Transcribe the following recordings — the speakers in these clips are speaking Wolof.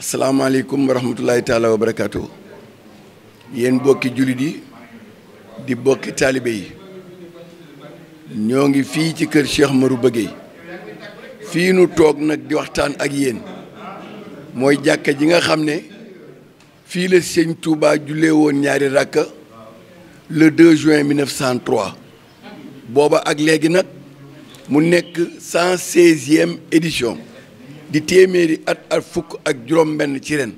asalaamaaleykum wa rahmatulahi taala wa barakaatu yéen bokki jullit yi di bokki taalibe yi ñoo ngi fii ci kër Cheikh Maru Bëggey fii nu toog nag di waxtaan ak yéen mooy jàkka ji nga xam ne fii la sëñ Touba jullee woon ñaari rakka le 2 juin 1903 booba ak léegi nag mu nekk 116e édition di téeméeri at ak fukk ak juróom-benn ci ren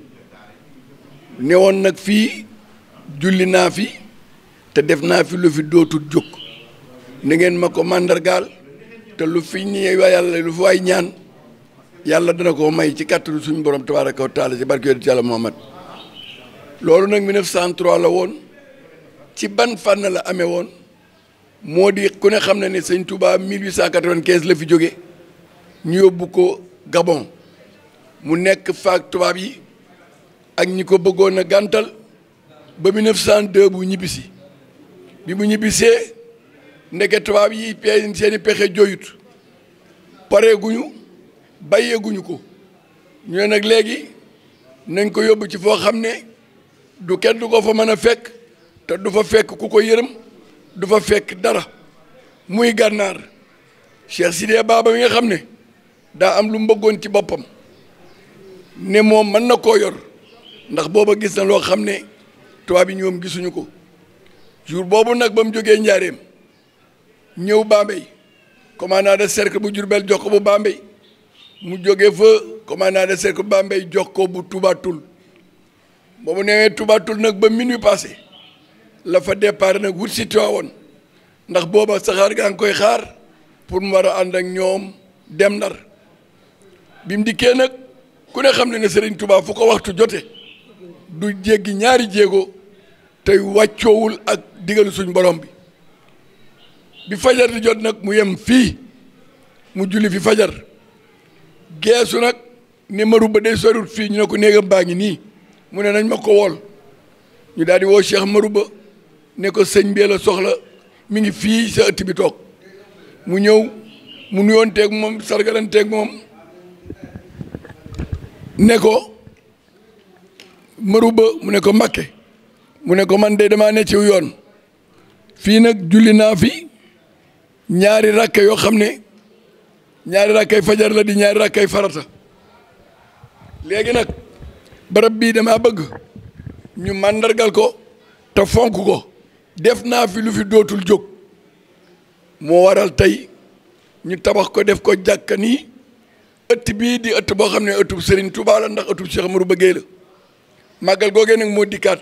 ne nag fii julli naa fi te def naa fi lu fi dootul jóg na ngeen ma ko màndargaal te lu fi ñëwee yàlla lu fi waay ñaan yàlla dana ko may ci kàttanu suñu borom tabaaraka wa taala ci barke yonent yàlla Muhammad loolu nag 1903 la woon ci ban fànn la amee woon moo di ku ne xam na ne sëñ Touba 1895 la fi jóge ñu yóbbu ko. Gabon mu nekk faak tubaab yi ak ñi ko bëggoon a gàntal ba mu 1902 bu ñibbisi bi mu ñibbisee ndege tubaab yi pe seeni pexe joyut pareeguñu bàyyeeguñu ko ñu nag léegi nañ ko yóbbu ci foo xam ne du kenn ko fa mën a fekk te du fa fekk ku ko yërëm du fa fekk dara muy gànnaar Cheikh Sidé Baba mi nga xam ne daa am lu mu bëggoon ci boppam ne moom mën na koo yor ndax booba gis na loo xam ne tubaab yi ñoom gisuñu ko jur boobu nag ba mu jógee njaareem ñëw Bambey commandant de cercle bu Jurbel jox ko bu Bambey mu jógee fa commandant de cercle bu Bambey jox ko bu tubaatul boobu mu newee Toubatoul nag ba minuit passé la fa départ nag wut si Tiwaawoon ndax booba saxaar gaa ngi koy xaar pour mu war a ànd ak ñoom dem Ndar bi mu dikkee nag ku ne xam ne ne Serigne Touba fu ko waxtu jote du jéggi ñaari jéego tey wàccoowul ak digalu suñ borom bi bi fajar jot nag mu yem fii mu julli fi fajar geesu nag ne maru ba day sorut fii ñu ne ko néegam baa ngi nii mu ne nañ ma ko wol ñu daal di woo Cheikh Marouba ne ko sëñ bee la soxla mu ngi fii sa ëtt bi toog mu ñëw mu nuyoonteeg moom sargalanteeg moom ne ko maru mu ne ko Mbakke mu ne ko man de damaa ne ci yoon fii nag julli naa fi ñaari rakk yoo xam ne ñaari rakkay fajar la di ñaari rakkay farata léegi nag barab bii damaa bëgg ñu màndargal ko te fonk ko def naa fi lu fi dootul jóg moo waral tey ñu tabax ko def ko jàkka nii ëtt bii di ëtt boo xam ne ëttub Serigne Touba la ndax ëttub Cheikh Amadou Bëggee la màggal googee nag moo dikkaat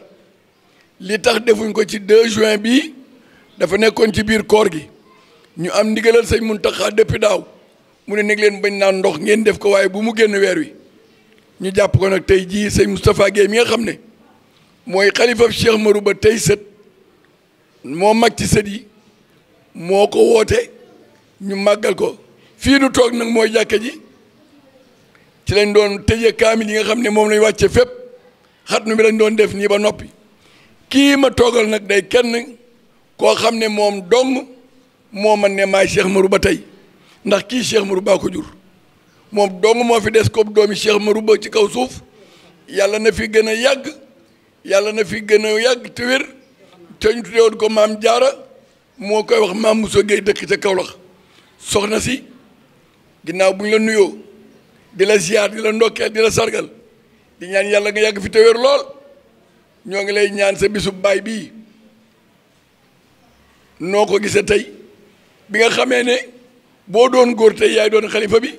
li tax defuñ ko ci 2 juin bii dafa nekkoon ci biir koor gi ñu am ndigalal sëñ Muntaxa depuis daaw mu ne nag leen bañ naan ndox ngeen def ko waaye bu mu génn weer wi ñu jàpp ko nag tey jii sëñ Moustapha Guèye mi nga xam ne mooy xalifab Cheikh Amadou Ba tey sët moo mag ci sët yi moo ko woote ñu màggal ko fii nu toog nag mooy jàkka ji ci lañ doon tëjee kaamil yi nga xam ne moom lañ wàcce fépp xat xatnu bi lañ doon def nii ba noppi kii ma toogal nag day kenn koo xam ne moom dong moo man ne maay Cheikh Marouba tey ndax kii Cheikh Marouba ko moom dong moo fi des ko doomi Cheikh Marouba ci kaw suuf yàlla na fi gën a yàgg yàlla na fi gën a yàgg te wér te ñu tuddewoon ko maam jaara moo koy wax maam Moussa Gueye dëkk ca Kaolack soxna si ginnaaw bu ñu la nuyoo di la siyaar di la ndokkee di la sargal di ñaan yàlla nga yàgg fi te wér lool ñoo ngi lay ñaan sa bisub baay bii noo ko gisee tey bi nga xamee ne boo doon góor tey yaay doon xalifa bi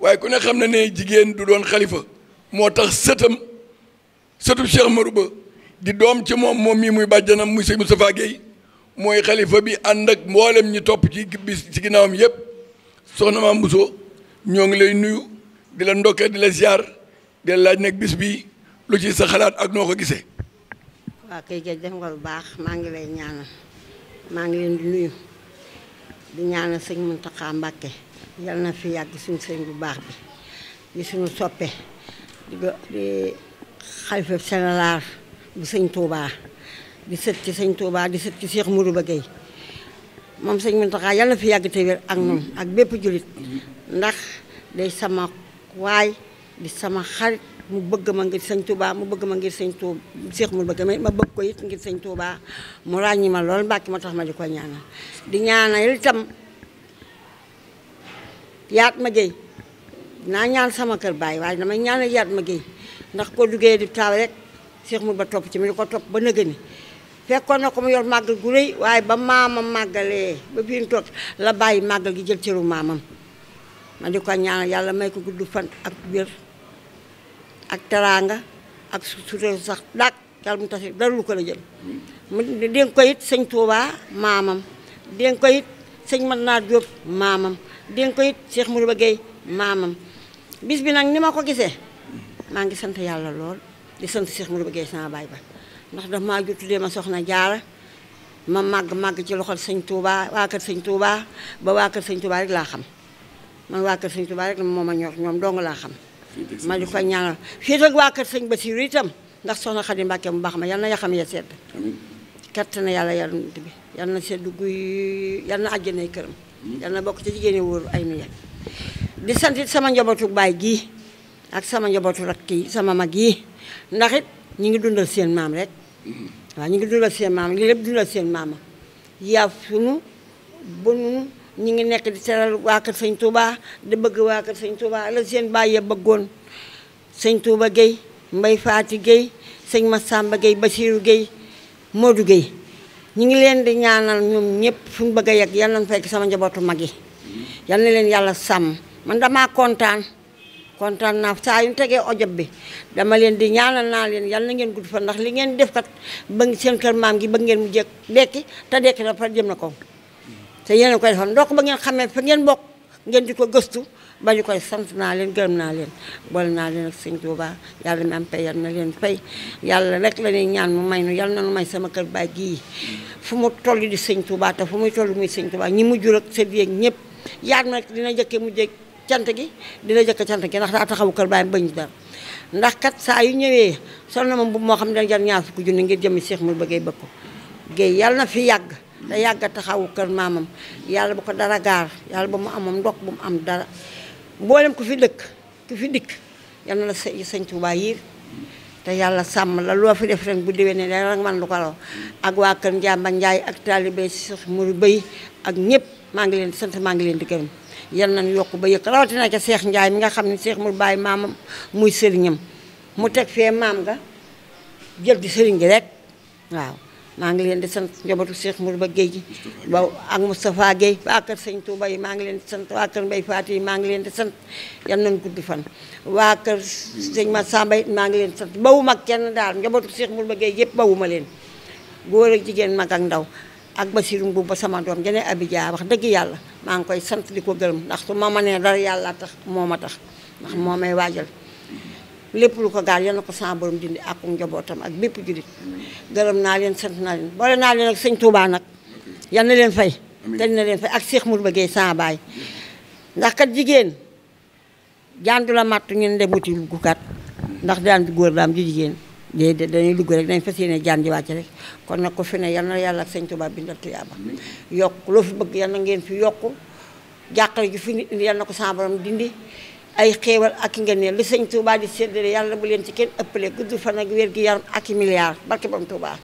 waaye ku ne xam na ne jigéen du doon xalifa moo tax sëtam sëtu Cheikh Marou Ba di doom ci moom moom mii muy bàjjanam muy sëñ Moustapha Guèye mooy xalifa bi ànd ak mboolem ñi topp ci bis ci ginnaawam yëpp soxna Mame Bousso ñoo ngi lay nuyu di la ndokkee di la ziar di la laaj nag bis bi lu ci sa xalaat ak noo ko gisee. waaw kay jël def nga lu baax maa ngi lay ñaanal maa ngi leen di nuyu di ñaanal sëñ Mountakha Mbacké yal na fi yàgg suñu sëñ bu baax bi di suñu soppe di di xalifa bu sëñ Touba di sët ci sëñ Touba di sët ci Cheikh Mourou Bagay moom sëñ Mountakha yal na fi yàgg te wér ak moom ak bépp jullit ndax day sama. waaye di sama xarit mu bëgg ma ngir sañ Touba mu bëgg ma ngir sëñ Touba Cheikh mu bëgg ma bëgg ko yit ngir sëñ Touba mu ràññi ma lool mbàkki ma tax ma di ko ñaanal di ñaanal itam yaat ma géey naa ñaan sama kër baay waaye damay ñaanal yaat ma géey ndax ko duggee di taaw rek Cheikh mu ba topp ci mi di ko topp ba nëgë ni fekkoon na ko mu yor màgg gu rëy waaye ba maamam màggalee ba fi ñu la bàyyi màggal gi jël cëru maamam ma di ko ñaanal yàlla may ko gudd fan ak wér ak teraanga ak sutura sax daag yàlla mu tase dara lu ko la jël mu dénk ko it sëñ Touba maamam dénk ko it sëñ Madina Diop maamam dénk ko it Cheikh Mouriba Gueye maamam bis bi nag ni ma ko gisee maa ngi sant yàlla lool di sant Cheikh Mouriba Gueye sama baay ba ndax daf maa jur tuddee ma soxna jaara ma màgg màgg ci loxol sëñ Touba waa kër sëñ Touba ba waa sëñ Touba rek laa xam man waa kër sëñ Tuubaa rek moom a ñor ñoom dong laa xam ma di ko ñaanal fii rek waa kër sëñ Basiru itam ndax soxna Xadi Mbàkke mu baax ma yal na ya xam ya sedd kett na yàlla yaramut bi yal na sedd guy yal na àjjanay këram yal na bokk ci jigéen ñi wóor ay mi di sant sama njabootu baay gii ak sama njabootu rak kii sama mag yi ndax it ñi ngi dundal seen maam rek mm-hmm. waaw ñi ngi dundal seen maam li lépp dundal seen maama yaa sunu bu ñu ngi nekk di teral waa kër sëñ Touba di bëgg waa kër sëñ Touba la seen bàyyi bëggoon sëñ Touba Guèye Mbaye Faati Guèye sëñ Massamba Guèye Bassirou géey moodu géey ñu ngi leen di ñaanal ñoom ñëpp fu ñu bëgg a yegg yal nañu fekk sama njabootu mag yi yal na leen yàlla sàmm man damaa kontaan kontaan naa saa yu ñu tegee ojob bi dama leen di ñaanal naa leen yàlla ngeen gudd fa ndax li ngeen def ba bëgg seen kër maam gi bëgg ngeen mu jekk dekki te dekki dafa jëm na ko te yéen a koy defal ndokk ba ngeen xamee fa ngeen bokk ngeen di ko gëstu ba ñu koy sant naa leen gërëm naa leen boole naa leen ak sëñ Tuuba yàlla mi am pay yàlla na leen fay yàlla rek la ñuy ñaan mu may nu yàlla na nu may sama kër baay gii fu mu toll di sëñ Tuuba te fu muy toll muy sëñ Tuuba ñi mu jur ak sët yeeg ñëpp yaag nag dina jëkke mu jëkk cant gi dina jëkk cant gi ndax daa taxawu kër baay bañ dara ndax kat saa yu ñëwee sol na moom bu moo xam ne dana jar ñaar fukki junni ngir jëmi Seex mu bëggee bëgg ko géey yàlla na fi yàgg te yàgg a taxawu kër maamam yàlla bu ko dara gaar yàlla bu mu amoon ndokk bu mu am dara mboolem ko fi dëkk ku fi dikk yal la sëñ Tuubaa yiir te yàlla sàmm la loo fi def ren bu déwénee da nga man lu ko raw ak waa kër Njàmba Njaay ak taalibe si muri bëy ak ñëpp maa ngi leen di sant maa ngi leen di gërëm yal nañ yokk ba yëkk rawatina ca Seex Njaay mi nga xam ne Seex Muru Baay maamam muy sëriñam mu teg fee maam nga jël di sëriñ gi rek waaw maa ngi leen di sant njabootu Cheikh Mourba ba géej ba ak Moustapha Gueye waa kër Sëñ Touba yi maa ngi leen di sant waa kër Mbaye Faty yi maa ngi leen di sant yan nañ gudd fan waa kër Sëñ Massamba it maa ngi leen di sant bawuma ak kenn daal njabootu Cheikh Mourba Gueye yëpp bawuma leen góor ak jigéen mag ak ndaw ak Basiru Mbuub ba sama doom jane Abidja wax dëgg yàlla maa ngi koy sant di ko gërëm ndax su ma mënee dara yàlla tax moom a tax ndax moo may waajal lépp lu ko gaal yal na ko sama borom dindi ak njabootam ak bépp jullit gërëm naa leen sant naa leen boole naa leen ak sëñ Touba nag yan na leen fay te na leen fay ak Cheikh Mour Bëggee sama baay ndax kat jigéen jaan du la matt ñun de buti gukat ndax daan di góor daam di jigéen déedéet dañuy dugg rek dañ fas yéene jaan ji wàcc rek kon nag ko fi ne yal na yàlla ak sëñ Touba bindal tuyaaba yokk loo fi bëgg yal na ngeen fi yokk jàqale ji fi nit yal na ko sama borom dindi ay xéewal ak nga neen li sëñ Touba di séddale yàlla bu leen ci kenn ëppale gudd fan ak wér gi yaram ak i milliards barke bam Touba.